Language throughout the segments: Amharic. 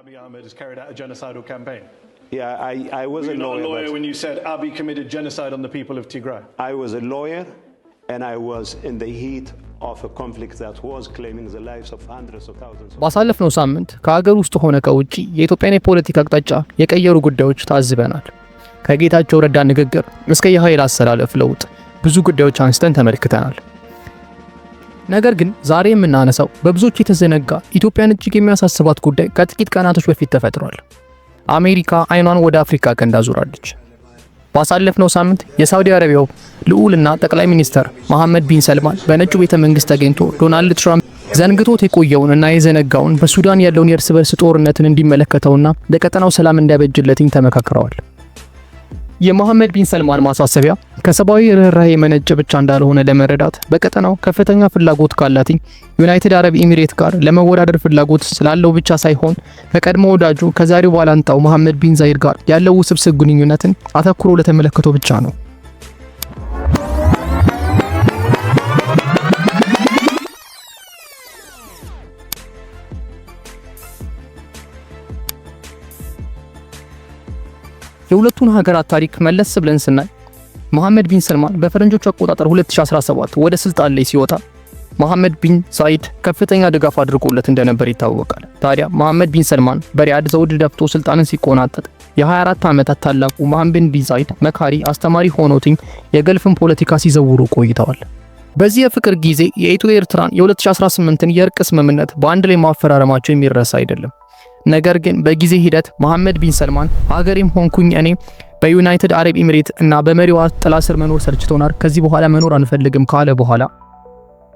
Abiy Ahmed has carried out a genocidal campaign. Yeah, I, I was Were a lawyer. Not a lawyer when you said Abiy committed genocide on the people of Tigray. I was a lawyer, and I was in the heat of of of a conflict that was claiming the lives hundreds thousands. ባሳለፍነው ሳምንት ከሀገር ውስጥ ሆነ ከውጭ የኢትዮጵያን የፖለቲካ አቅጣጫ የቀየሩ ጉዳዮች ታዝበናል። ከጌታቸው ረዳ ንግግር እስከ የኃይል አሰላለፍ ለውጥ ብዙ ጉዳዮች አንስተን ተመልክተናል። ነገር ግን ዛሬ የምናነሳው በብዙዎች የተዘነጋ ኢትዮጵያን እጅግ የሚያሳስባት ጉዳይ ከጥቂት ቀናቶች በፊት ተፈጥሯል። አሜሪካ አይኗን ወደ አፍሪካ ቀንድ አዙራለች። ባሳለፍነው ሳምንት የሳውዲ አረቢያው ልዑልና ጠቅላይ ሚኒስተር መሐመድ ቢን ሰልማን በነጩ ቤተ መንግስት ተገኝቶ ዶናልድ ትራምፕ ዘንግቶት የቆየውን እና የዘነጋውን በሱዳን ያለውን የእርስ በርስ ጦርነትን እንዲመለከተውና ለቀጠናው ሰላም እንዲያበጅለትኝ ተመካክረዋል። የመሐመድ ቢን ሰልማን ማሳሰቢያ ከሰብአዊ ርኅራኄ የመነጨ ብቻ እንዳልሆነ ለመረዳት በቀጠናው ከፍተኛ ፍላጎት ካላት ዩናይትድ አረብ ኤሚሬት ጋር ለመወዳደር ፍላጎት ስላለው ብቻ ሳይሆን ከቀድሞ ወዳጁ ከዛሬው ባላንጣው መሐመድ ቢን ዛይድ ጋር ያለው ውስብስብ ግንኙነትን አተኩሮ ለተመለከተው ብቻ ነው። የሁለቱን ሀገራት ታሪክ መለስ ብለን ስናይ መሐመድ ቢን ሰልማን በፈረንጆቹ አቆጣጠር 2017 ወደ ስልጣን ላይ ሲወጣ መሐመድ ቢን ሳይድ ከፍተኛ ድጋፍ አድርጎለት እንደነበር ይታወቃል። ታዲያ መሐመድ ቢን ሰልማን በሪያድ ዘውድ ደፍቶ ስልጣንን ሲቆናጠጥ የ24 ዓመታት ታላቁ መሐመድ ቢን ሳይድ መካሪ፣ አስተማሪ ሆኖትኝ የገልፍን ፖለቲካ ሲዘውሩ ቆይተዋል። በዚህ የፍቅር ጊዜ የኢትዮ ኤርትራን የ2018ን የእርቅ ስምምነት በአንድ ላይ ማፈራረማቸው የሚረሳ አይደለም። ነገር ግን በጊዜ ሂደት መሐመድ ቢን ሰልማን ሀገሬም ሆንኩኝ እኔ በዩናይትድ አረብ ኤሚሬት እና በመሪዋ ጥላ ስር መኖር ሰልችቶናል፣ ከዚህ በኋላ መኖር አንፈልግም ካለ በኋላ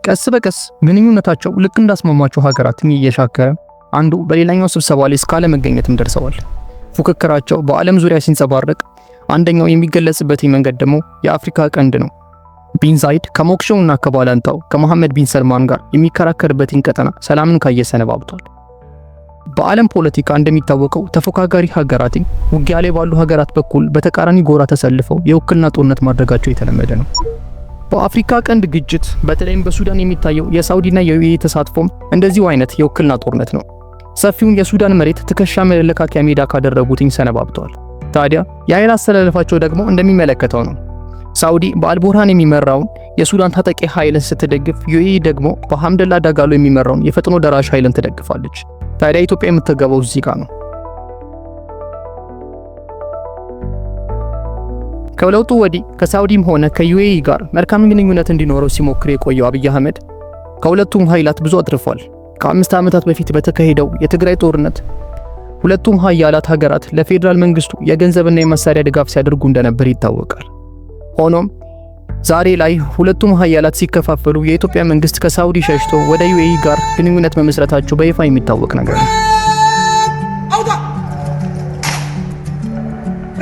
ቀስ በቀስ ግንኙነታቸው ልክ እንዳስማማቸው ሀገራትን እየሻከረ አንዱ በሌላኛው ስብሰባ ላይ እስካለ መገኘትም ደርሰዋል። ፉክክራቸው በዓለም ዙሪያ ሲንጸባረቅ አንደኛው የሚገለጽበት መንገድ ደግሞ የአፍሪካ ቀንድ ነው። ቢን ዛይድ ከሞክሾውና ከባላንጣው ከመሐመድ ቢን ሰልማን ጋር የሚከራከርበትን ቀጠና ሰላምን ካየሰነባብቷል። በዓለም ፖለቲካ እንደሚታወቀው ተፎካካሪ ሀገራት ውጊያ ላይ ባሉ ሀገራት በኩል በተቃራኒ ጎራ ተሰልፈው የውክልና ጦርነት ማድረጋቸው የተለመደ ነው። በአፍሪካ ቀንድ ግጭት በተለይም በሱዳን የሚታየው የሳውዲና የዩኤ ተሳትፎም እንደዚሁ አይነት የውክልና ጦርነት ነው። ሰፊውን የሱዳን መሬት ትከሻ መለካከያ ሜዳ ካደረጉትኝ ሰነባብተዋል። ታዲያ የኃይል አስተላለፋቸው ደግሞ እንደሚመለከተው ነው። ሳውዲ በአልቡርሃን የሚመራውን የሱዳን ታጠቂ ኃይልን ስትደግፍ፣ ዩኤ ደግሞ በሐምደላ ዳጋሎ የሚመራውን የፈጥኖ ደራሽ ኃይልን ትደግፋለች። ታዲያ ኢትዮጵያ የምትገባው እዚህ ጋር ነው። ከለውጡ ወዲህ ከሳውዲም ሆነ ከዩኤኢ ጋር መልካም ግንኙነት እንዲኖረው ሲሞክር የቆየው አብይ አህመድ ከሁለቱም ኃይላት ብዙ አትርፏል። ከአምስት ዓመታት በፊት በተካሄደው የትግራይ ጦርነት ሁለቱም ኃያላት ሀገራት ለፌዴራል መንግስቱ የገንዘብና የመሳሪያ ድጋፍ ሲያደርጉ እንደነበር ይታወቃል። ሆኖም ዛሬ ላይ ሁለቱም ሀያላት ሲከፋፈሉ የኢትዮጵያ መንግስት ከሳውዲ ሸሽቶ ወደ ዩኤኢ ጋር ግንኙነት መመስረታቸው በይፋ የሚታወቅ ነገር ነው።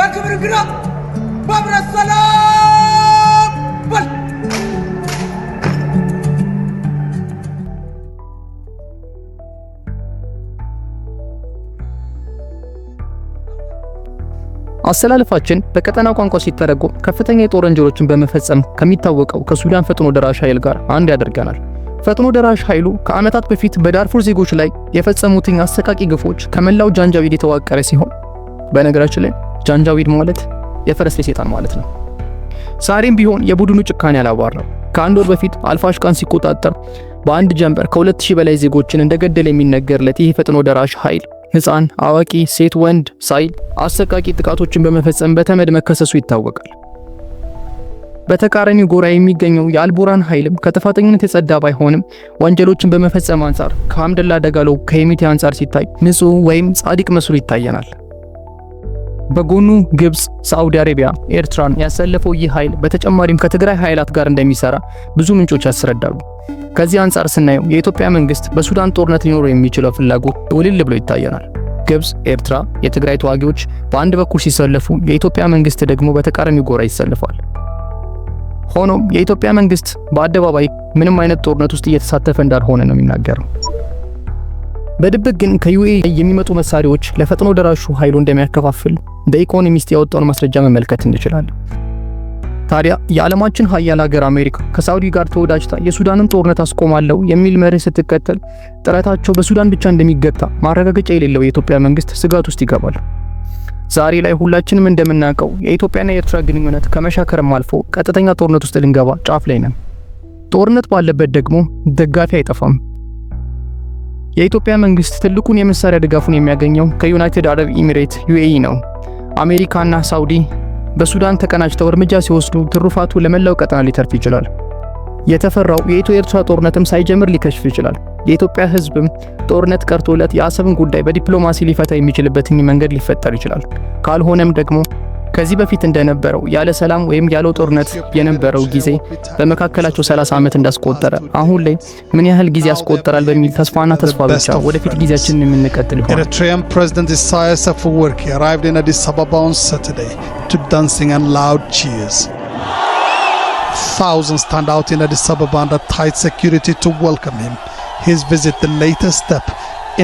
ለክብር ግራ አሰላለፋችን በቀጠናው ቋንቋ ሲተረጎም ከፍተኛ የጦር ወንጀሎችን በመፈጸም ከሚታወቀው ከሱዳን ፈጥኖ ደራሽ ኃይል ጋር አንድ ያደርገናል። ፈጥኖ ደራሽ ኃይሉ ከዓመታት በፊት በዳርፉር ዜጎች ላይ የፈጸሙትን አሰቃቂ ግፎች ከመላው ጃንጃዊድ የተዋቀረ ሲሆን በነገራችን ላይ ጃንጃዊድ ማለት የፈረስ ላይ ማለት ነው። ዛሬም ቢሆን የቡድኑ ጭካኔ አላባራም። ከአንድ ወር በፊት አልፋሽቃን ሲቆጣጠር በአንድ ጀንበር ከ2000 በላይ ዜጎችን እንደገደለ የሚነገርለት ይህ ፈጥኖ ደራሽ ኃይል ህፃን፣ አዋቂ፣ ሴት፣ ወንድ ሳይል አሰቃቂ ጥቃቶችን በመፈጸም በተመድ መከሰሱ ይታወቃል። በተቃራኒው ጎራ የሚገኘው የአልቦራን ኃይልም ከጥፋተኝነት የጸዳ ባይሆንም ወንጀሎችን በመፈጸም አንጻር ከአምደላ ደጋሎ ከሄሜቲ አንጻር ሲታይ ንጹህ ወይም ጻድቅ መስሎ ይታየናል። በጎኑ ግብፅ፣ ሳዑዲ አረቢያ፣ ኤርትራን ያሰለፈው ይህ ኃይል በተጨማሪም ከትግራይ ኃይላት ጋር እንደሚሰራ ብዙ ምንጮች ያስረዳሉ። ከዚህ አንጻር ስናየው የኢትዮጵያ መንግስት በሱዳን ጦርነት ሊኖረው የሚችለው ፍላጎት ውልል ብሎ ይታየናል። ግብጽ፣ ኤርትራ፣ የትግራይ ተዋጊዎች በአንድ በኩል ሲሰለፉ፣ የኢትዮጵያ መንግስት ደግሞ በተቃራኒ ጎራ ይሰልፋል። ሆኖም የኢትዮጵያ መንግስት በአደባባይ ምንም አይነት ጦርነት ውስጥ እየተሳተፈ እንዳልሆነ ነው የሚናገረው። በድብቅ ግን ከዩኤ የሚመጡ መሳሪያዎች ለፈጥኖ ደራሹ ኃይሉ እንደሚያከፋፍል በኢኮኖሚስት ያወጣውን ማስረጃ መመልከት እንችላለን። ታዲያ የዓለማችን ሀያል ሀገር አሜሪካ ከሳውዲ ጋር ተወዳጅታ የሱዳንን ጦርነት አስቆማለሁ የሚል መርህ ስትከተል ጥረታቸው በሱዳን ብቻ እንደሚገታ ማረጋገጫ የሌለው የኢትዮጵያ መንግስት ስጋት ውስጥ ይገባል። ዛሬ ላይ ሁላችንም እንደምናውቀው የኢትዮጵያና የኤርትራ ግንኙነት ከመሻከርም አልፎ ቀጥተኛ ጦርነት ውስጥ ልንገባ ጫፍ ላይ ነን። ጦርነት ባለበት ደግሞ ደጋፊ አይጠፋም። የኢትዮጵያ መንግስት ትልቁን የመሳሪያ ድጋፉን የሚያገኘው ከዩናይትድ አረብ ኤሚሬት ዩኤኢ ነው። አሜሪካና ሳውዲ በሱዳን ተቀናጅተው እርምጃ ሲወስዱ ትሩፋቱ ለመላው ቀጠና ሊተርፍ ይችላል። የተፈራው የኢትዮ ኤርትራ ጦርነትም ሳይጀምር ሊከሽፍ ይችላል። የኢትዮጵያ ሕዝብም ጦርነት ቀርቶለት የአሰብን ጉዳይ በዲፕሎማሲ ሊፈታ የሚችልበትን መንገድ ሊፈጠር ይችላል። ካልሆነም ደግሞ ከዚህ በፊት እንደነበረው ያለ ሰላም ወይም ያለው ጦርነት የነበረው ጊዜ በመካከላቸው 30 ዓመት እንዳስቆጠረ አሁን ላይ ምን ያህል ጊዜ ያስቆጠራል በሚል ተስፋና ተስፋ ብቻ ወደፊት ጊዜያችንን የምንቀጥል ይሆናል። Thousands stand out in Addis Ababa under tight security to welcome him. His visit the latest step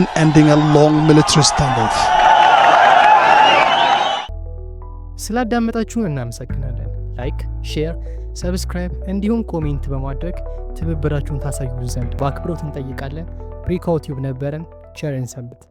in ending a long military standoff. ስላዳመጣችሁን እናመሰግናለን። ላይክ፣ ሼር፣ ሰብስክራይብ እንዲሁም ኮሜንት በማድረግ ትብብራችሁን ታሳዩ ዘንድ በአክብሮት እንጠይቃለን። ብሬክአውት ቲዩብ ነበረን። ቸር እንሰንብት።